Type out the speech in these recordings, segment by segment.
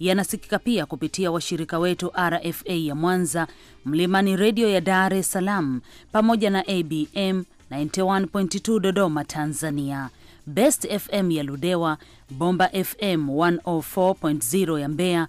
yanasikika pia kupitia washirika wetu RFA ya Mwanza, Mlimani Redio ya Dar es Salaam, pamoja na ABM 91.2 Dodoma, Tanzania, Best FM ya Ludewa, Bomba FM 104.0 ya Mbeya,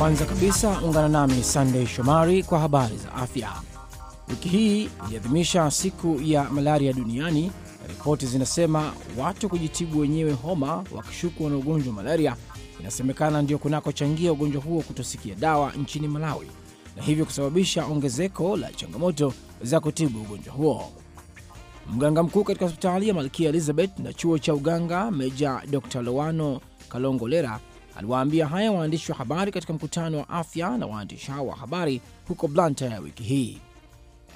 Kwanza kabisa ungana nami Sandey Shomari kwa habari za afya. Wiki hii iliadhimisha siku ya malaria duniani. Ripoti zinasema watu kujitibu wenyewe homa wakishukwa na ugonjwa wa malaria inasemekana ndio kunakochangia ugonjwa huo kutosikia dawa nchini Malawi na hivyo kusababisha ongezeko la changamoto za kutibu ugonjwa huo. Mganga mkuu katika hospitali ya Malkia Elizabeth na chuo cha uganga Meja Dr Lowano Kalongolera aliwaambia haya waandishi wa habari katika mkutano wa afya na waandishi hao wa habari huko blanta ya wiki hii.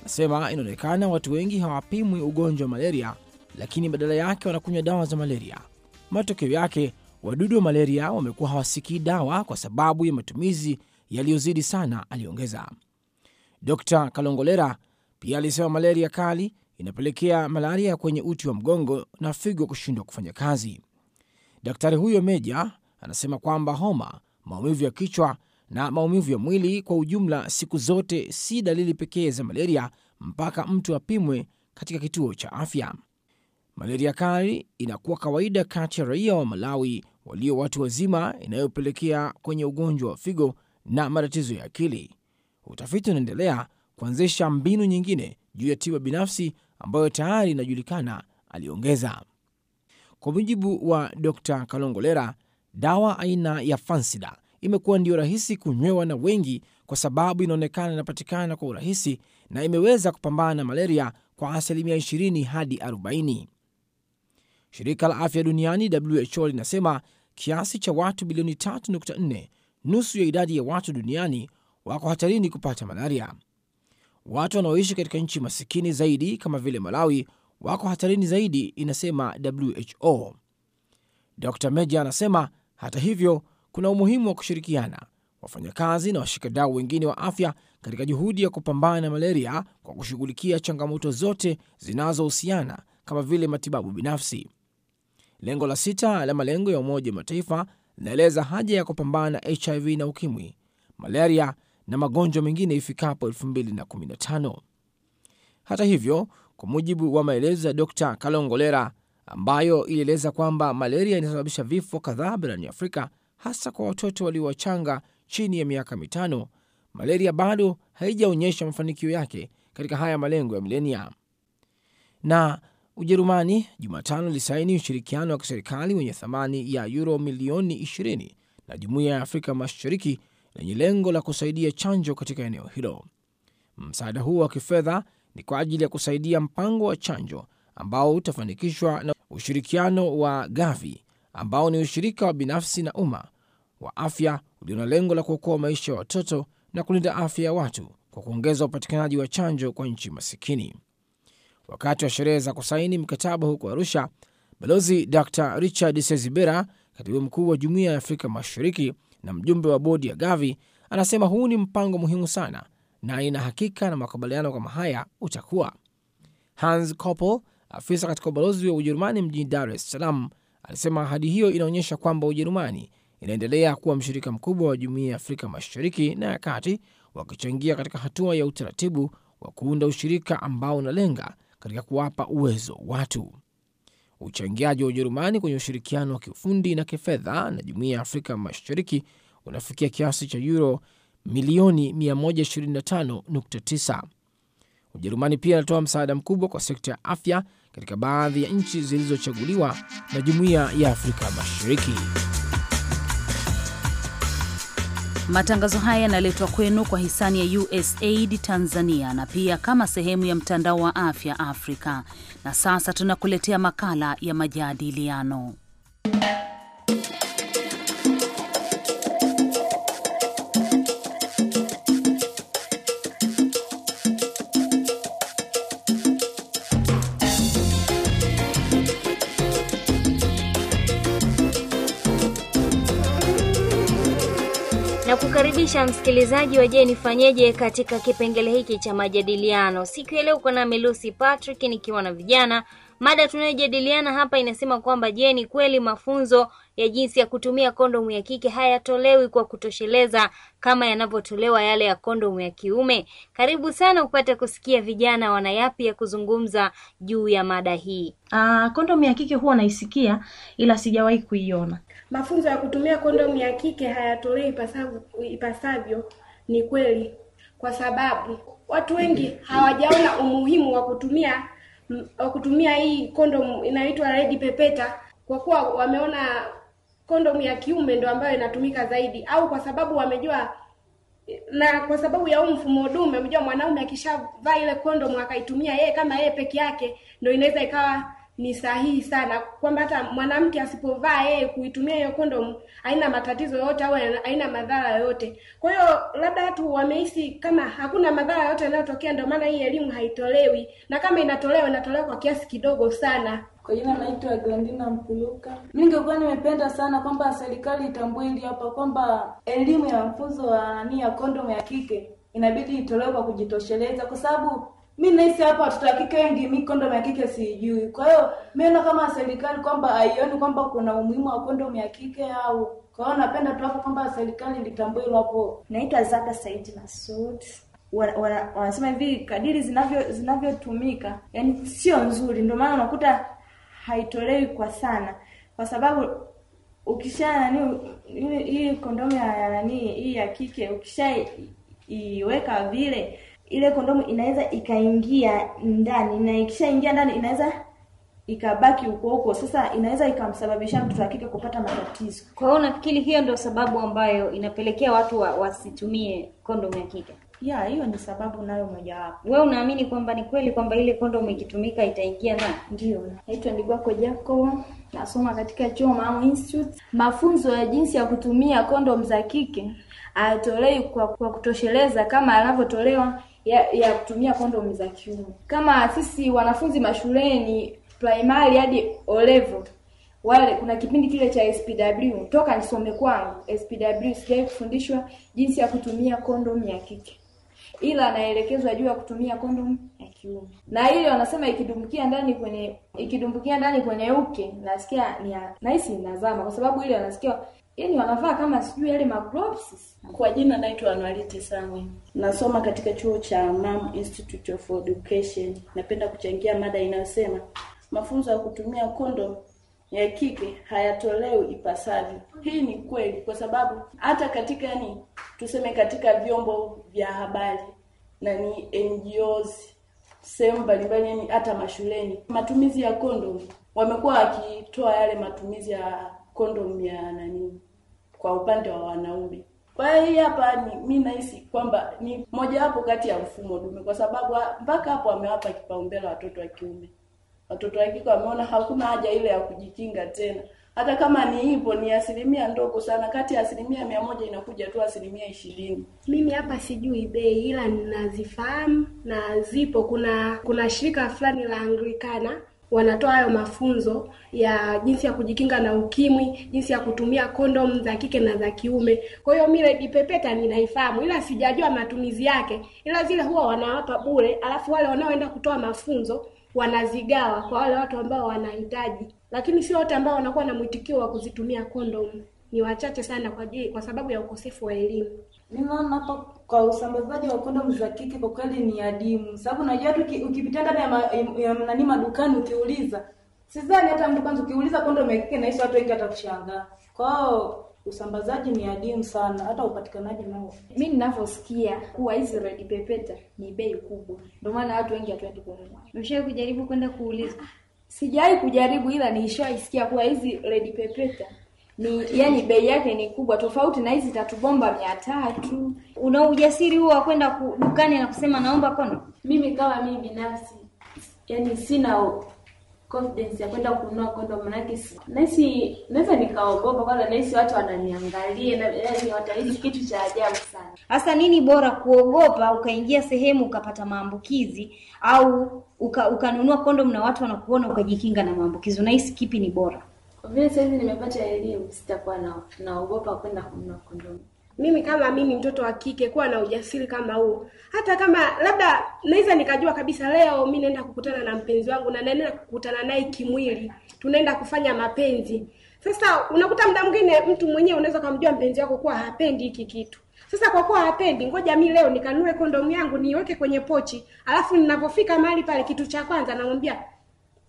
Anasema inaonekana watu wengi hawapimwi ugonjwa wa malaria, lakini badala yake wanakunywa dawa za malaria. Matokeo yake wadudu wa malaria wamekuwa hawasikii dawa kwa sababu ya matumizi yaliyozidi sana, aliongeza. Dr Kalongolera pia alisema malaria kali inapelekea malaria kwenye uti wa mgongo na figo kushindwa kufanya kazi. Daktari huyo meja anasema kwamba homa, maumivu ya kichwa na maumivu ya mwili kwa ujumla siku zote si dalili pekee za malaria mpaka mtu apimwe katika kituo cha afya. Malaria kali inakuwa kawaida kati ya raia wa Malawi walio watu wazima, inayopelekea kwenye ugonjwa wa figo na matatizo ya akili. Utafiti unaendelea kuanzisha mbinu nyingine juu ya tiba binafsi ambayo tayari inajulikana, aliongeza. Kwa mujibu wa Dr Kalongolera, Dawa aina ya Fansida imekuwa ndiyo rahisi kunywewa na wengi kwa sababu inaonekana inapatikana kwa urahisi na imeweza kupambana na malaria kwa asilimia 20 hadi 40. Shirika la afya duniani WHO linasema kiasi cha watu bilioni 3.4, nusu ya idadi ya watu duniani, wako hatarini kupata malaria. Watu wanaoishi katika nchi masikini zaidi kama vile Malawi wako hatarini zaidi, inasema WHO. Dr Meja anasema hata hivyo, kuna umuhimu wa kushirikiana wafanyakazi na washikadau wengine wa afya katika juhudi ya kupambana na malaria kwa kushughulikia changamoto zote zinazohusiana kama vile matibabu binafsi. Lengo la sita la malengo ya Umoja wa Mataifa linaeleza haja ya kupambana na HIV na ukimwi, malaria na magonjwa mengine ifikapo 2015. Hata hivyo, kwa mujibu wa maelezo ya Dr Kalongolera, ambayo ilieleza kwamba malaria inasababisha vifo kadhaa barani Afrika, hasa kwa watoto walio wachanga chini ya miaka mitano, malaria bado haijaonyesha mafanikio yake katika haya malengo ya milenia. Na Ujerumani Jumatano ilisaini ushirikiano wa kiserikali wenye thamani ya yuro milioni 20 na jumuiya ya Afrika Mashariki lenye lengo la kusaidia chanjo katika eneo hilo. Msaada huo wa kifedha ni kwa ajili ya kusaidia mpango wa chanjo ambao utafanikishwa na Ushirikiano wa Gavi ambao ni ushirika wa binafsi na umma wa afya ulio na lengo la kuokoa maisha ya watoto na kulinda afya ya watu kwa kuongeza upatikanaji wa chanjo kwa nchi masikini. Wakati wa sherehe za kusaini mkataba huko Arusha, Balozi Dr Richard Sezibera, katibu mkuu wa Jumuiya ya Afrika Mashariki na mjumbe wa bodi ya Gavi, anasema huu ni mpango muhimu sana na ina hakika na makubaliano kama haya utakuwa. Hans Koppel Afisa katika ubalozi wa Ujerumani mjini Dar es Salaam alisema ahadi hiyo inaonyesha kwamba Ujerumani inaendelea kuwa mshirika mkubwa wa Jumuiya ya Afrika Mashariki na ya Kati, wakichangia katika hatua ya utaratibu wa kuunda ushirika ambao unalenga katika kuwapa uwezo watu. Uchangiaji wa Ujerumani kwenye ushirikiano wa kiufundi na kifedha na Jumuiya ya Afrika Mashariki unafikia kiasi cha euro milioni 125.9. Ujerumani pia inatoa msaada mkubwa kwa sekta ya afya katika baadhi ya nchi zilizochaguliwa na Jumuiya ya Afrika Mashariki. Matangazo haya yanaletwa kwenu kwa hisani ya USAID Tanzania na pia kama sehemu ya mtandao wa afya Afrika. Na sasa tunakuletea makala ya majadiliano kukaribisha msikilizaji wa Je fanyeje katika kipengele hiki cha majadiliano. Siku ya leo uko nami Patrick nikiwa na vijana. Mada tunayojadiliana hapa inasema kwamba je, ni kweli mafunzo ya jinsi ya kutumia kondomu ya kike hayatolewi kwa kutosheleza kama yanavyotolewa yale ya kondomu ya kiume? Karibu sana upate kusikia vijana wana yapi ya kuzungumza juu ya mada hii. Uh, kondomu ya kike huwa naisikia ila sijawahi kuiona. Mafunzo ya kutumia kondomu ya kike hayatolewi ipasavyo ni kweli kwa sababu watu wengi hawajaona umuhimu wa kutumia wa kutumia hii kondomu inaitwa Red Pepeta kwa kuwa wameona kondomu ya kiume ndo ambayo inatumika zaidi, au kwa sababu wamejua na kwa sababu ya huu mfumo dume, unajua mwanaume akishavaa ile kondomu akaitumia yeye kama yeye peke yake, ndo inaweza ikawa ni sahihi sana kwamba hata mwanamke asipovaa yeye kuitumia hiyo kondomu haina matatizo yoyote au haina madhara yoyote. Kwa hiyo labda watu wamehisi kama hakuna madhara yoyote yanayotokea, ndio maana hii elimu haitolewi, na kama inatolewa inatolewa kwa kiasi kidogo sana. Kwa jina naitwa Glandina Mpuluka. Mimi ningekuwa nimependa sana kwamba serikali itambue hili hapa kwamba elimu ya mafunzo wa ni ya kondomu ya kike inabidi itolewe kwa kujitosheleza, kwa sababu mi naisi hapa watoto tutaki wengi, mi kondom ya kike sijui. Kwa hiyo miona kama serikali kwamba haioni kwamba kuna umuhimu wa kondom ya kike au kwa hiyo napenda tu hapo kwamba serikali litambua hilo hapo. Naitwa Zaka saidi Masud. Wanasema wa, wa, hivi kadiri zinavyo zinavyotumika, yani sio nzuri, ndio maana unakuta haitolewi kwa sana, kwa sababu ukisha nani hii kondomu ya nani hii ya kike ukisha iweka vile ile kondomu inaweza ikaingia ndani na ikishaingia ndani inaweza ikabaki huko huko, sasa inaweza ikamsababisha mtoto wa kike kupata matatizo. Kwa hiyo nafikiri hiyo ndio sababu ambayo inapelekea watu wa, wasitumie kondomu ya kike. Ya, hiyo ni sababu nayo mojawapo. Wewe unaamini kwamba ni kweli kwamba ile kondomu ikitumika itaingia ndani? Ndio. Naitwa Ndigwako Jacob, nasoma katika chuo mamu Institute. Mafunzo ya jinsi ya kutumia kondomu za kike hayatolei kwa, kwa kutosheleza kama yanavyotolewa ya, ya kutumia kondomu za kiume. Kama sisi wanafunzi mashuleni primary hadi O level wale, kuna kipindi kile cha SPW, toka nisome kwangu SPW sijawahi kufundishwa jinsi ya kutumia kondomu ya kike, ila anaelekezwa juu ya kutumia kondomu ya kiume, na ile wanasema ikidumbukia ndani kwenye ikidumbukia ndani kwenye uke nasikia ni nahisi inazama, kwa sababu ile wanasikia yani wanavaa kama sijui yale magloves. Kwa jina naitwa Anwarite Sangwe, nasoma katika chuo cha Mam Institute of Education. Napenda kuchangia mada inayosema mafunzo ya kutumia kondom ya kike hayatolewi ipasavyo. Hii ni kweli, kwa sababu hata katika yani, tuseme katika vyombo vya habari na ni NGOs sehemu mbalimbali, yani hata mashuleni, matumizi ya kondom wamekuwa wakitoa yale matumizi ya kondom ya nani kwa upande wa wanaume. Kwa hiyo hapa ni mimi nahisi kwamba ni mojawapo kati ya mfumo dume, kwa sababu mpaka hapo amewapa kipaumbele watoto wa kiume. Watoto wa kike wameona hakuna haja ile ya kujikinga tena, hata kama ni hivyo, ni asilimia ndogo sana. Kati ya asilimia mia moja inakuja tu asilimia ishirini. Mimi hapa sijui bei, ila ninazifahamu na zipo. Kuna kuna shirika fulani la Anglikana wanatoa hayo mafunzo ya jinsi ya kujikinga na ukimwi, jinsi ya kutumia kondom za kike na za kiume. Kwa hiyo mimi Lady Pepeta ninaifahamu, ila sijajua matumizi yake, ila zile huwa wanawapa bure, alafu wale wanaoenda kutoa mafunzo wanazigawa kwa wale watu ambao wanahitaji, lakini sio wote ambao wanakuwa na mwitikio wa kuzitumia kondom Ni wachache sana kwa, kwa sababu ya ukosefu wa elimu mimi naona hapa kwa usambazaji wa kondomu za kike kwa kweli ni adimu, sababu najua tu ukipita ndani ya, ma, ya nani madukani ukiuliza, sidhani hata mtu kwanza ukiuliza kondomu ya kike, nahisi watu wengi watakushangaa. Kwao usambazaji ni adimu sana, hata upatikanaji nao. Mimi ninavyosikia kuwa hizi red pepeta ni bei kubwa, ndio maana watu wengi hatuendi kununua. Umeshawahi kujaribu kwenda kuuliza? Sijawahi kujaribu, ila nilishaisikia kuwa hizi red pepeta ni yani bei yake ni kubwa tofauti na hizi tatu bomba mia tatu. Una ujasiri huo wa kwenda dukani na kusema naomba kondo? Mimi kama mimi binafsi, yani sina confidence ya kwenda kununua kondo, manake nahisi naweza nikaogopa, kwanza nahisi watu wananiangalia na yani watahisi kitu cha ajabu sana. Hasa nini bora kuogopa ukaingia sehemu ukapata maambukizi au uka, ukanunua kondo na watu wanakuona ukajikinga na maambukizi? Unahisi kipi ni bora? Kwa vile sasa hivi nimepata elimu, sitakuwa na naogopa kwenda kununua kondomu. Mimi kama mimi mtoto wa kike kuwa na ujasiri kama huo, hata kama labda naweza nikajua kabisa leo mi naenda kukutana na mpenzi wangu na naenda kukutana naye kimwili, tunaenda kufanya mapenzi. Sasa unakuta muda mwingine mtu mwenyewe unaweza kumjua mpenzi wako kuwa hapendi hiki kitu. Sasa kwa kuwa hapendi, ngoja mi leo nikanue kondomu yangu niweke kwenye pochi, alafu ninapofika mahali pale, kitu cha kwanza namwambia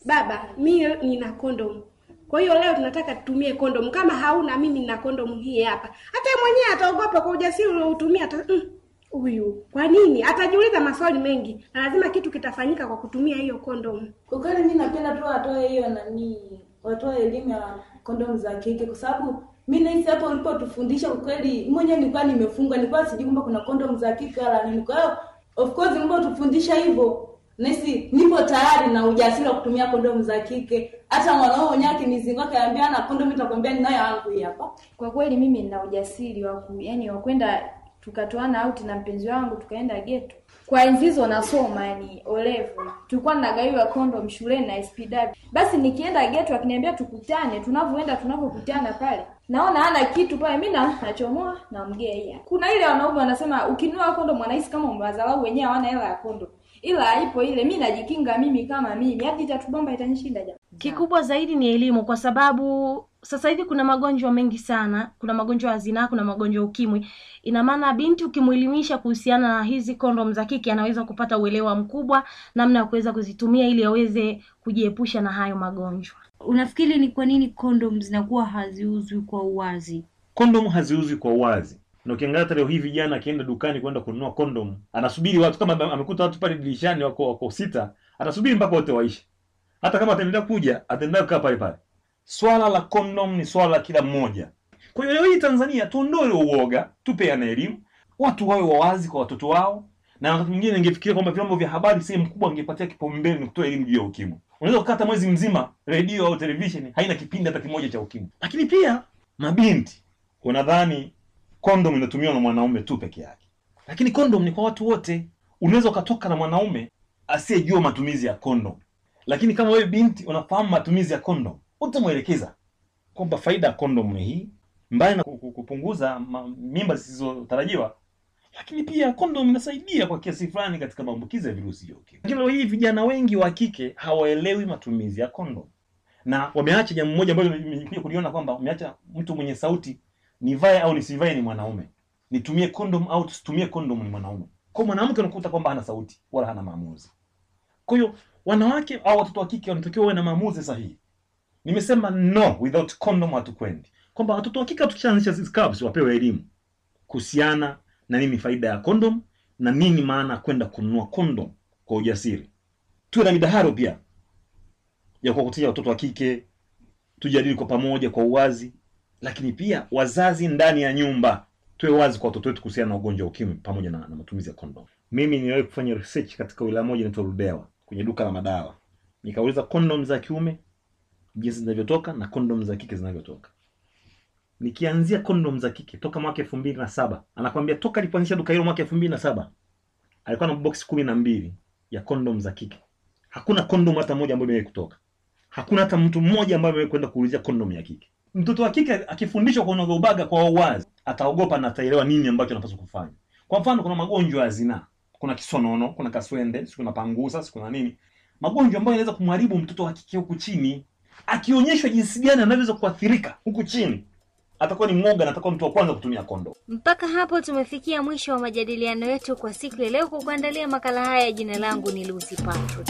baba, mi nina kondomu kwa hiyo leo tunataka tutumie kondomu. Kama hauna, mimi na kondomu hii hapa. Hata mwenyewe ataogopa kwa ujasiri uliotumia mm, huyu mm, kwa nini? Atajiuliza maswali mengi, na lazima kitu kitafanyika kwa kutumia hiyo kondomu. Kwa kweli mimi napenda tu watoe hiyo nani, watoe elimu ya kondomu za kike, kwa sababu mimi nahisi hapo ulipotufundisha, kwa kweli mwenyewe nilikuwa nimefunga, nilikuwa sijui kwamba kuna kondomu za kike wala nini. Kwa hiyo of course tufundisha hivyo nesi nipo tayari na ujasiri wa kutumia kondomu za kike. Hata mwanaume mwenyewe akinizingo akaambia na kondomu, nitakwambia ninayo yangu hii hapa. Kwa kweli mimi nina ujasiri wa yani wa kwenda tukatoana out na mpenzi wangu tukaenda geto. Kwa enzi nasoma yani olevu, tulikuwa nagaiwa kondo shuleni na SPW. Basi nikienda geto akiniambia tukutane, tunavyoenda tunavyokutana pale naona hana kitu pale, mi nachomoa namgea. Kuna ile wanaume wanasema ukinua kondo mwanaisi kama mwazalau wenyewe, hawana hela ya kondo ila haipo ile. Mi najikinga mimi kama mimi, hadi itatubomba itanishinda jamaa Kikubwa zaidi ni elimu, kwa sababu sasa hivi kuna magonjwa mengi sana, kuna magonjwa ya zinaa, kuna magonjwa ya ukimwi. Ina maana binti ukimuelimisha kuhusiana na hizi kondom za kike, anaweza kupata uelewa mkubwa namna ya kuweza kuzitumia ili aweze kujiepusha na hayo magonjwa. Unafikiri ni kwa nini kondom zinakuwa haziuzwi kwa uwazi? Kondom haziuzwi kwa uwazi na ukiangalia leo hii vijana akienda dukani kwenda kununua kondom, anasubiri watu kama amekuta watu pale dirishani wako wako sita, atasubiri mpaka wote waishe hata kama ataendelea kuja ataendelea kukaa pale pale. Swala la kondom ni swala la kila mmoja. Kwa hiyo leo hii Tanzania tuondoe uoga, tupeane elimu, watu wawe wawazi kwa watoto wao. Na wakati mwingine ningefikiria kwamba vyombo vya habari sehemu kubwa angepatia kipaumbele ni kutoa elimu juu ya ukimwi. Unaweza kukata mwezi mzima redio au televisheni haina kipindi hata kimoja cha ukimwi. Lakini pia mabinti wanadhani kondom inatumiwa na mwanaume tu peke yake, lakini kondom ni kwa watu wote. Unaweza ukatoka na mwanaume asiyejua matumizi ya kondom lakini kama wewe binti unafahamu matumizi ya kondom, utamwelekeza kwamba faida ya kondom ni hii, mbali na kupunguza mimba zisizotarajiwa, lakini pia kondom inasaidia kwa kiasi fulani katika maambukizi ya virusi hiyo okay. Lakini leo hii vijana wengi wa kike hawaelewi matumizi ya kondom na wameacha jambo moja ambalo nimekuja kuliona kwamba wameacha mtu mwenye sauti, nivae au nisivae ni mwanaume, nitumie kondom au tusitumie kondom ni mwanaume. Kwa mwanamke unakuta kwamba hana sauti wala hana maamuzi, kwa hiyo wanawake au watoto wa kike wanatakiwa wawe na maamuzi sahihi. Nimesema no without condom hatukwendi, kwamba watoto wa kike tukishaanzisha scabs wapewe elimu kuhusiana na nini faida ya condom na nini maana ya kwenda kununua condom kwa ujasiri. Tuwe na midaharo pia ya kuwakutia watoto wa kike, tujadili kwa pamoja kwa uwazi, lakini pia wazazi ndani ya nyumba tuwe wazi kwa watoto wetu kuhusiana na ugonjwa wa ukimwi pamoja na, na matumizi ya kondom. Mimi niliwahi kufanya research katika wilaya moja inaitwa Ludewa kwenye duka la madawa, nikauliza kondom za kiume jinsi zinavyotoka na kondom za kike zinavyotoka. Nikianzia kondom za kike toka mwaka elfu mbili na saba anakwambia toka alipoanzisha duka hilo mwaka elfu mbili na saba alikuwa na box kumi na mbili ya kondom za kike. Hakuna kondom hata moja ambayo imewahi kutoka, hakuna hata mtu mmoja ambaye amewahi kwenda kuulizia kondom ya kike. Mtoto wa kike akifundishwa kwa unavyobaga kwa uwazi, ataogopa na ataelewa nini ambacho anapaswa kufanya. Kwa mfano, kuna magonjwa ya zinaa kuna kisonono, kuna kaswende, siku na pangusa, siku na nini, magonjwa ambayo yanaweza kumharibu mtoto wa kike huku chini. Akionyeshwa jinsi gani anavyoweza kuathirika huku chini, atakuwa ni mwoga na atakuwa mtu wa kwanza kutumia kondo. Mpaka hapo tumefikia mwisho wa majadiliano yetu kwa siku ya leo. Kwa kuandalia makala haya, jina langu ni Lucy Patrick.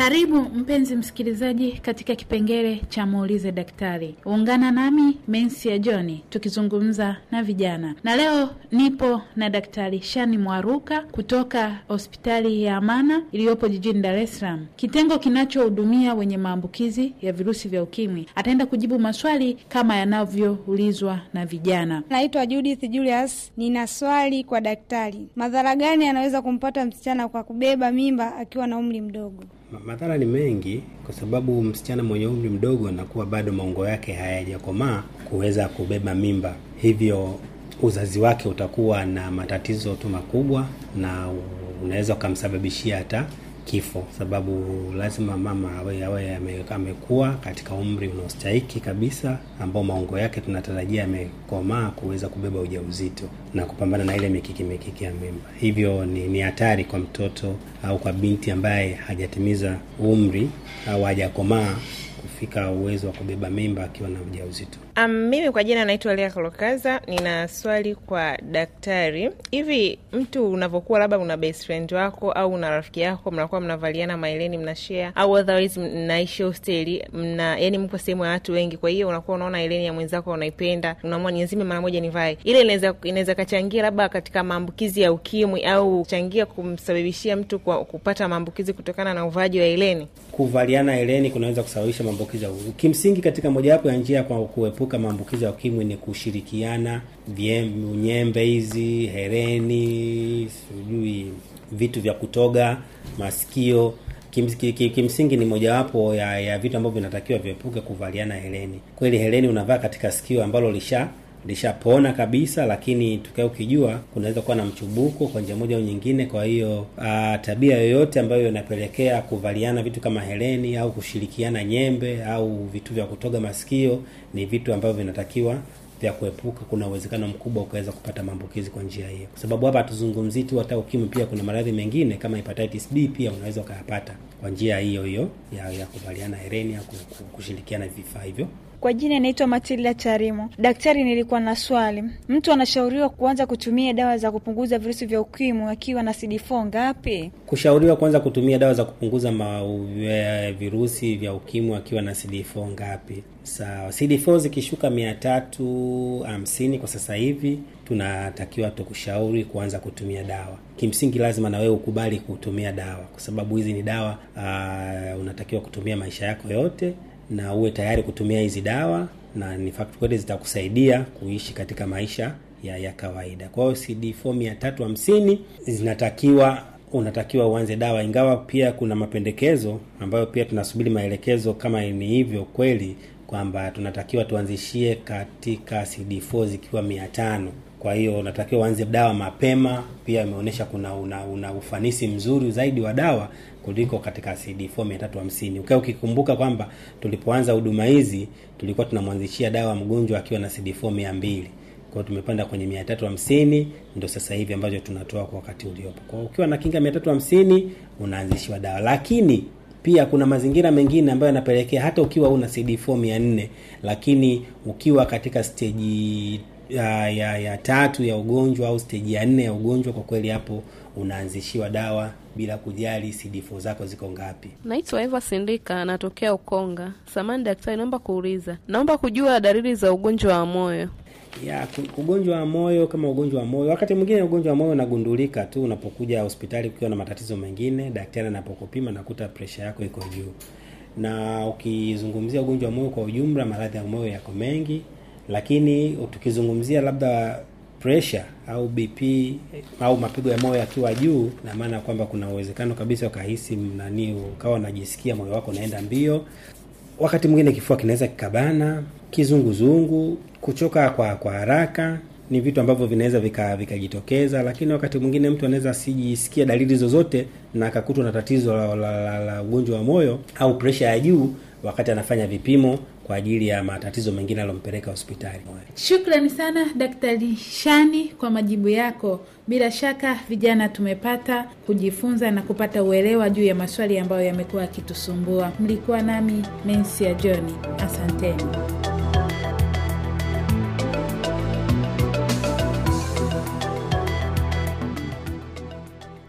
Karibu mpenzi msikilizaji katika kipengele cha muulize daktari. Ungana nami mensi ya johni tukizungumza na vijana, na leo nipo na Daktari Shani Mwaruka kutoka hospitali ya Amana iliyopo jijini Dar es Salaam, kitengo kinachohudumia wenye maambukizi ya virusi vya ukimwi. Ataenda kujibu maswali kama yanavyoulizwa na vijana. Naitwa Judith Julius, nina swali kwa daktari. Madhara gani yanaweza kumpata msichana kwa kubeba mimba akiwa na umri mdogo? Madhara ni mengi, kwa sababu msichana mwenye umri mdogo anakuwa bado maungo yake hayajakomaa kuweza kubeba mimba, hivyo uzazi wake utakuwa na matatizo tu makubwa, na unaweza ukamsababishia hata kifo, sababu lazima mama awe awe amekuwa katika umri unaostahiki kabisa, ambao maungo yake tunatarajia yamekomaa kuweza kubeba ujauzito na kupambana na ile mikiki mikiki ya mimba. Hivyo ni ni hatari kwa mtoto au kwa binti ambaye hajatimiza umri au hajakomaa kufika uwezo wa kubeba mimba akiwa na ujauzito. Um, mimi kwa jina naitwa Lea Kolokaza. Nina swali kwa daktari. Hivi mtu unavyokuwa labda una best friend wako au una rafiki yako, mnakuwa mnavaliana maeleni, mnashare au otherwise mnaishi hosteli, mna yani mko sehemu ya watu wengi, kwa hiyo unakuwa unaona eleni ya mwenzako unaipenda, unaamua nienzime mara moja nivae ile, inaweza inaweza kachangia labda katika maambukizi ya ukimwi au changia kumsababishia mtu kwa kupata maambukizi kutokana na uvaji wa eleni. Kuvaliana eleni kunaweza kusababisha maambukizi ya ukimwi. Kimsingi katika mojawapo ya njia kwa kuepuka kuepuka maambukizi ya ukimwi ni kushirikiana nyembe hizi, hereni, sijui vitu vya kutoga masikio kimsingi kim, kim, kim ni mojawapo ya, ya vitu ambavyo vinatakiwa viepuke kuvaliana hereni. Kweli hereni unavaa katika sikio ambalo lisha lishapona kabisa, lakini tukae ukijua kunaweza kuwa na mchubuko kwa njia moja au nyingine. Kwa hiyo ah, tabia yoyote ambayo inapelekea kuvaliana vitu kama heleni au kushirikiana nyembe au vitu vya kutoga masikio ni vitu ambavyo vinatakiwa vya kuepuka. Kuna uwezekano mkubwa ukaweza kupata maambukizi kwa njia hiyo, kwa sababu hapa hatuzungumzii tu hata ukimwi, pia kuna maradhi mengine kama hepatitis B pia unaweza ukayapata kwa njia hiyo hiyo ya, ya kuvaliana hereni au kushirikiana vifaa hivyo. Kwa jina inaitwa Matilda Charimo. Daktari, nilikuwa na swali. Mtu anashauriwa kuanza kutumia dawa za kupunguza virusi vya ukimwi akiwa na CD4 ngapi? Kushauriwa kuanza kutumia dawa za kupunguza mauwe, eh, virusi vya ukimwi akiwa na CD4 ngapi? Sawa, CD4 zikishuka mia tatu hamsini kwa sasa hivi tunatakiwa tukushauri kuanza kutumia dawa. Kimsingi lazima na wewe ukubali kutumia dawa, kwa sababu hizi ni dawa uh, unatakiwa kutumia maisha yako yote na uwe tayari kutumia hizi dawa na ni fact kweli zitakusaidia kuishi katika maisha ya, ya kawaida. Kwa hiyo CD4 mia tatu hamsini zinatakiwa unatakiwa uanze dawa, ingawa pia kuna mapendekezo ambayo pia tunasubiri maelekezo kama ni hivyo kweli kwamba tunatakiwa tuanzishie katika CD4 zikiwa mia tano. Kwa hiyo unatakiwa uanze dawa mapema. Pia imeonyesha kuna una, una ufanisi mzuri zaidi wa dawa kuliko katika CD4 350. Ukiwa ukikumbuka kwamba tulipoanza huduma hizi tulikuwa tunamwanzishia dawa mgonjwa akiwa na CD4 200. Kwa hiyo tumepanda kwenye 350 ndio sasa hivi ambacho tunatoa kwa wakati uliopo. Kwa ukiwa na kinga 350 unaanzishiwa dawa. Lakini pia kuna mazingira mengine ambayo yanapelekea hata ukiwa una CD4 400 lakini ukiwa katika stage ya, ah, ya, ya tatu ya ugonjwa au stage ya nne ya ugonjwa, kwa kweli hapo unaanzishiwa dawa bila kujali CD4 zako ziko ngapi. Naitwa Eva Sindika, natokea Ukonga. Samani daktari, naomba kuuliza, naomba kujua dalili za ugonjwa wa moyo. Ya, ugonjwa wa moyo kama ugonjwa wa moyo, wakati mwingine ugonjwa wa moyo unagundulika tu unapokuja hospitali ukiwa na matatizo mengine, daktari anapokupima nakuta presha yako iko juu. Na ukizungumzia ugonjwa wa moyo kwa ujumla, maradhi ya moyo yako mengi, lakini tukizungumzia labda pressure au BP au mapigo ya moyo yakiwa juu, na maana kwamba kuna uwezekano kabisa ukahisi nani, ukawa unajisikia moyo wako unaenda mbio. Wakati mwingine kifua kinaweza kikabana, kizunguzungu, kuchoka kwa kwa haraka ni vitu ambavyo vinaweza vikajitokeza vika, lakini wakati mwingine mtu anaweza asijisikia dalili zozote na akakutwa na tatizo la ugonjwa wa moyo au presha ya juu wakati anafanya vipimo kwa ajili ya matatizo mengine alompeleka hospitali. Shukrani sana Daktari Shani kwa majibu yako. Bila shaka vijana tumepata kujifunza na kupata uelewa juu ya maswali ambayo yamekuwa yakitusumbua. Mlikuwa nami Mensia Johni, asanteni.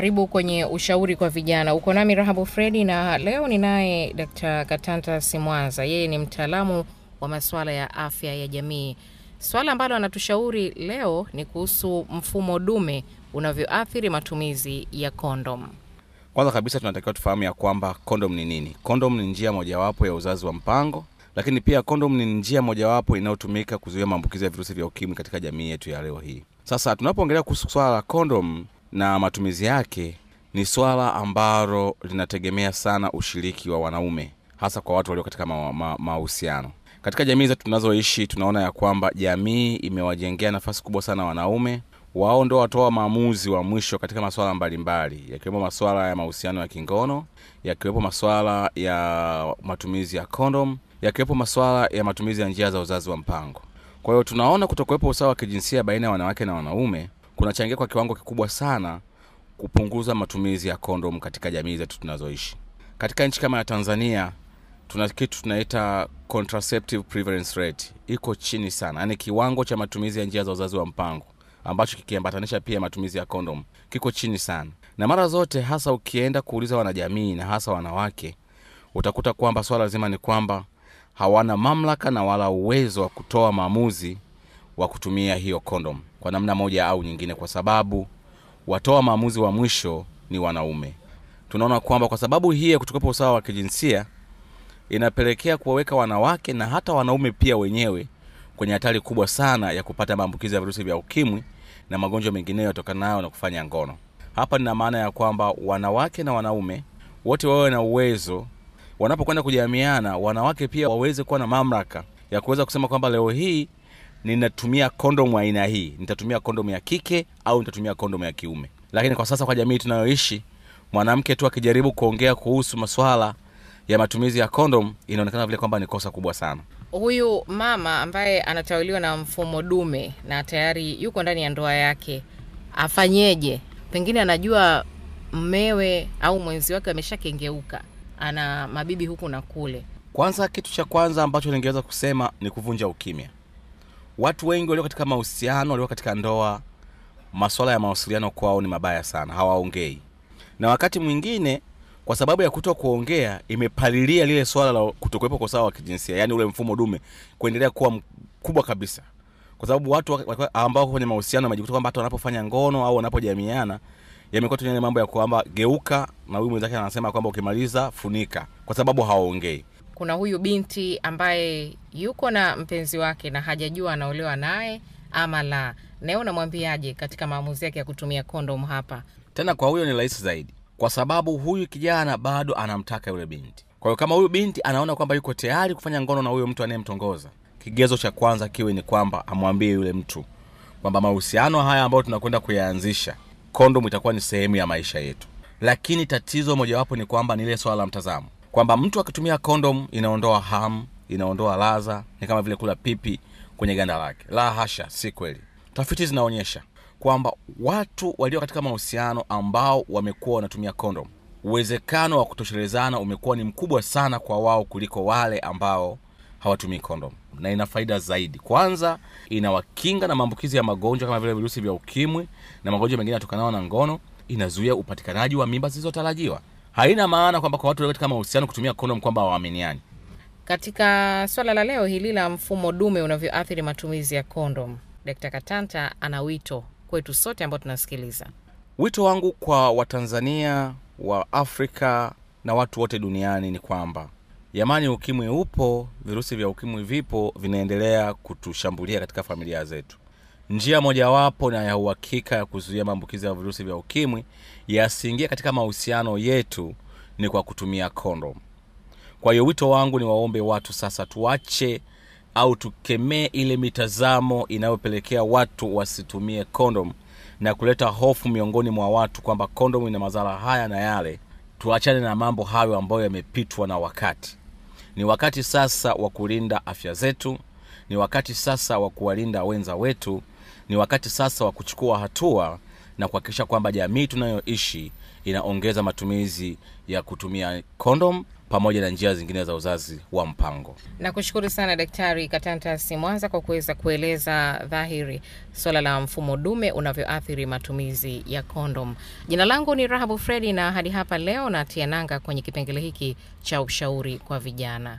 Karibu kwenye ushauri kwa vijana. Uko nami Rahabu Fredi na leo ninaye Dkt. Katanta Simwanza, yeye ni mtaalamu wa masuala ya afya ya jamii. Swala ambalo anatushauri leo ni kuhusu mfumo dume unavyoathiri matumizi ya kondom. Kwanza kabisa tunatakiwa tufahamu ya kwamba kondom ni nini. Kondom ni njia mojawapo ya uzazi wa mpango, lakini pia kondom ni njia mojawapo inayotumika kuzuia maambukizi ya virusi vya ukimwi katika jamii yetu ya leo hii. Sasa tunapoongelea kuhusu swala la kondom, na matumizi yake ni swala ambalo linategemea sana ushiriki wa wanaume hasa kwa watu walio katika mahusiano ma, ma, katika jamii zetu tunazoishi tunaona ya kwamba jamii imewajengea nafasi kubwa sana wanaume wao ndo watoa maamuzi wa mwisho katika maswala mbalimbali yakiwepo maswala ya mahusiano ya kingono yakiwepo maswala ya matumizi ya kondom yakiwepo maswala ya matumizi ya njia za uzazi wa mpango kwa hiyo tunaona kutokuwepo usawa wa kijinsia baina ya wanawake na wanaume kunachangia kwa kiwango kikubwa sana kupunguza matumizi ya kondom katika jamii zetu tunazoishi. Katika nchi kama ya Tanzania tuna kitu tunaita contraceptive prevalence rate iko chini sana, yaani kiwango cha matumizi ya njia za uzazi wa mpango ambacho kikiambatanisha pia matumizi ya kondom kiko chini sana, na mara zote, hasa ukienda kuuliza wanajamii na hasa wanawake, utakuta kwamba swala zima ni kwamba hawana mamlaka na wala uwezo wa kutoa maamuzi wa kutumia hiyo kondom kwa namna moja au nyingine, kwa sababu watoa maamuzi wa mwisho ni wanaume. Tunaona kwamba kwa sababu hii ya kutokuwepo usawa wa kijinsia inapelekea kuwaweka wanawake na hata wanaume pia wenyewe kwenye hatari kubwa sana ya kupata maambukizi ya virusi vya ukimwi na magonjwa mengineyo yatokanayo na kufanya ngono. Hapa nina maana ya kwamba wanawake na wanaume wote wawe na uwezo wanapokwenda kujamiana, wanawake pia waweze kuwa na mamlaka ya kuweza kusema kwamba leo hii ninatumia kondomu aina hii nitatumia kondomu ya kike au nitatumia kondomu ya kiume lakini kwa sasa kwa jamii tunayoishi mwanamke tu akijaribu kuongea kuhusu masuala ya matumizi ya kondom inaonekana vile kwamba ni kosa kubwa sana huyu mama ambaye anatawaliwa na mfumo dume na tayari yuko ndani ya ndoa yake afanyeje pengine anajua mmewe au mwenzi wake ameshakengeuka ana mabibi huku na kule kwanza kitu cha kwanza ambacho ningeweza kusema ni kuvunja ukimya watu wengi walio katika mahusiano walio katika ndoa maswala ya mawasiliano kwao ni mabaya sana hawaongei na wakati mwingine kwa sababu ya kuto kuongea imepalilia lile swala la kutokuwepo kwa usawa wa kijinsia yaani ule mfumo dume kuendelea kuwa mkubwa kabisa kwa sababu watu ambao kwenye mahusiano wamejikuta kwamba hata wanapofanya ngono au wanapojamiana yamekuwa tu mambo ya kwamba geuka na huyu mwenzake anasema kwamba ukimaliza funika kwa sababu hawaongei kuna huyu binti ambaye yuko na mpenzi wake na hajajua anaolewa naye ama la, naye unamwambiaje katika maamuzi yake ya kutumia kondom hapa? Tena kwa huyo ni rahisi zaidi, kwa sababu huyu kijana bado anamtaka yule binti. Kwa hiyo kama huyu binti anaona kwamba yuko tayari kufanya ngono na huyo mtu anayemtongoza, kigezo cha kwanza kiwe ni kwamba amwambie yule mtu kwamba mahusiano haya ambayo tunakwenda kuyaanzisha, kondomu itakuwa ni sehemu ya maisha yetu. Lakini tatizo mojawapo ni kwamba ni ile swala la mtazamo kwamba mtu akitumia kondom inaondoa ham inaondoa laza ni kama vile kula pipi kwenye ganda lake la hasha si kweli tafiti zinaonyesha kwamba watu walio katika mahusiano ambao wamekuwa wanatumia kondom uwezekano wa kutoshelezana umekuwa ni mkubwa sana kwa wao kuliko wale ambao hawatumii kondom na ina faida zaidi kwanza inawakinga na maambukizi ya magonjwa kama vile virusi vya ukimwi na magonjwa mengine yatokanao na ngono inazuia upatikanaji wa mimba zilizotarajiwa haina maana kwamba kwa watu katika mahusiano kutumia kondom kwamba waaminiani Katika swala la leo hili la mfumo dume unavyoathiri matumizi ya kondom, Dkt. Katanta ana wito kwetu sote ambao tunasikiliza. Wito wangu kwa Watanzania wa Afrika na watu wote duniani ni kwamba yamani ukimwi upo, virusi vya ukimwi vipo, vinaendelea kutushambulia katika familia zetu. Njia mojawapo na ya uhakika ya kuzuia maambukizi ya virusi vya ukimwi yasiingie katika mahusiano yetu ni kwa kutumia kondom kwa hiyo wito wangu ni waombe watu sasa tuache au tukemee ile mitazamo inayopelekea watu wasitumie kondom na kuleta hofu miongoni mwa watu kwamba kondom ina madhara haya na yale tuachane na mambo hayo ambayo yamepitwa na wakati ni wakati sasa wa kulinda afya zetu ni wakati sasa wa kuwalinda wenza wetu ni wakati sasa wa kuchukua hatua na kuhakikisha kwamba jamii tunayoishi inaongeza matumizi ya kutumia kondom pamoja na njia zingine za uzazi wa mpango. Nakushukuru sana Daktari Katanta mwanza kwa kuweza kueleza dhahiri swala la mfumo dume unavyoathiri matumizi ya kondom. Jina langu ni Rahabu Fredi na hadi hapa leo natia nanga kwenye kipengele hiki cha ushauri kwa vijana.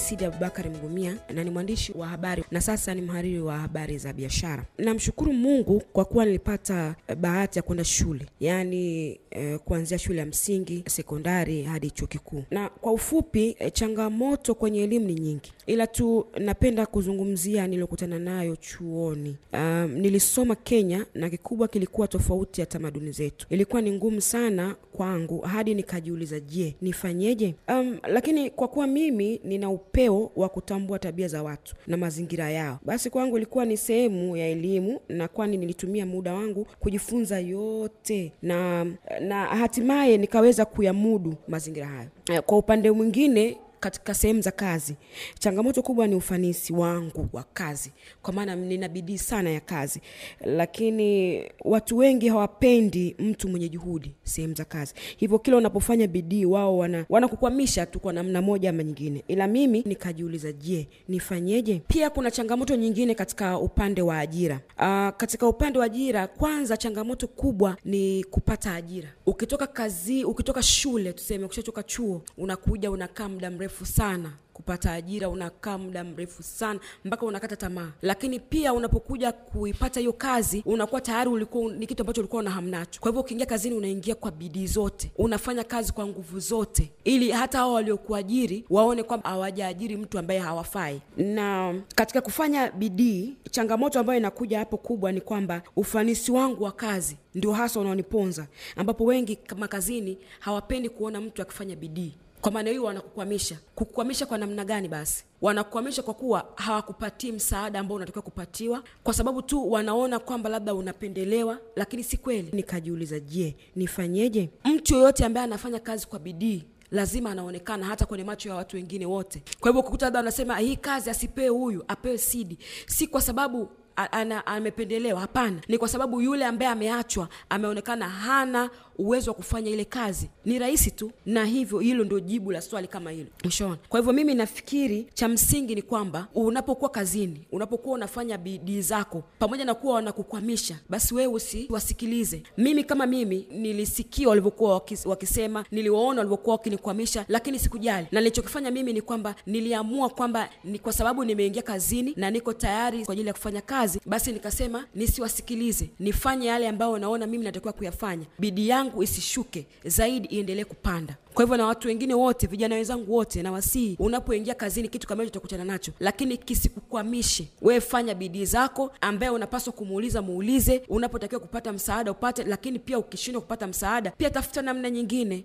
Sidi Abubakari Mgumia na ni mwandishi wa habari na sasa ni mhariri wa habari za biashara. Namshukuru Mungu kwa kuwa nilipata eh, bahati ya kwenda shule, yaani eh, kuanzia shule ya msingi, sekondari hadi chuo kikuu. Na kwa ufupi eh, changamoto kwenye elimu ni nyingi, ila tu napenda kuzungumzia niliokutana nayo chuoni. Um, nilisoma Kenya na kikubwa kilikuwa tofauti ya tamaduni zetu. Ilikuwa ni ngumu sana kwangu hadi nikajiuliza, je, nifanyeje? Um, lakini kwa kuwa mimi nina upeo wa kutambua tabia za watu na mazingira yao. Basi kwangu ilikuwa ni sehemu ya elimu, na kwani nilitumia muda wangu kujifunza yote na, na hatimaye nikaweza kuyamudu mazingira hayo. Kwa upande mwingine katika sehemu za kazi, changamoto kubwa ni ufanisi wangu wa kazi, kwa maana nina bidii sana ya kazi, lakini watu wengi hawapendi mtu mwenye juhudi sehemu za kazi. Hivyo kila unapofanya bidii, wao wanakukwamisha wana tu kwa namna moja ama nyingine, ila mimi nikajiuliza, je, nifanyeje? Pia kuna changamoto nyingine katika upande wa ajira. uh, katika upande wa ajira, kwanza changamoto kubwa ni kupata ajira. Ukitoka kazi, ukitoka shule tuseme, ukishatoka chuo unakuja unakaa muda mrefu mrefu sana kupata ajira, unakaa muda mrefu sana mpaka unakata tamaa. Lakini pia unapokuja kuipata hiyo kazi, unakuwa tayari ulikuwa ni kitu ambacho ulikuwa una hamnacho. Kwa hivyo ukiingia kazini, unaingia kwa bidii zote, unafanya kazi kwa nguvu zote, ili hata hao waliokuajiri waone kwamba hawajaajiri mtu ambaye hawafai. Na katika kufanya bidii, changamoto ambayo inakuja hapo kubwa ni kwamba ufanisi wangu wa kazi ndio hasa unaoniponza, ambapo wengi makazini hawapendi kuona mtu akifanya bidii. Kwa maana hiyo wanakukwamisha. Kukwamisha kwa namna gani? Basi wanakukwamisha kwa kuwa hawakupatii msaada ambao unatakiwa kupatiwa, kwa sababu tu wanaona kwamba labda unapendelewa, lakini si kweli. Nikajiuliza, je, nifanyeje? Mtu yoyote ambaye anafanya kazi kwa bidii lazima anaonekana hata kwenye macho ya watu wengine wote. Kwa hivyo kukuta labda anasema hii kazi asipewe huyu, apewe Sidi, si kwa sababu amependelewa, hapana, ni kwa sababu yule ambaye ameachwa ameonekana hana uwezo wa kufanya ile kazi ni rahisi tu, na hivyo hilo ndio jibu la swali kama hilo, mshaona. Kwa hivyo mimi nafikiri cha msingi ni kwamba unapokuwa kazini, unapokuwa unafanya bidii zako, pamoja na kuwa wanakukwamisha, basi wewe usiwasikilize. Mimi kama mimi nilisikia walivyokuwa wakisema, niliwaona walivyokuwa wakinikwamisha, lakini sikujali, na nilichokifanya mimi ni kwamba niliamua kwamba ni kwa sababu nimeingia kazini na niko tayari kwa ajili ya kufanya kazi, basi nikasema nisiwasikilize, nifanye yale ambayo naona mimi natakiwa kuyafanya, bidii yangu yangu isishuke zaidi, iendelee kupanda. Kwa hivyo na watu wengine wote, vijana wenzangu wote, na wasii, unapoingia kazini, kitu kama hicho utakutana nacho, lakini kisikukwamishe wewe. Fanya bidii zako, ambaye unapaswa kumuuliza muulize, unapotakiwa kupata msaada upate, lakini pia ukishindwa kupata msaada, pia tafuta namna nyingine.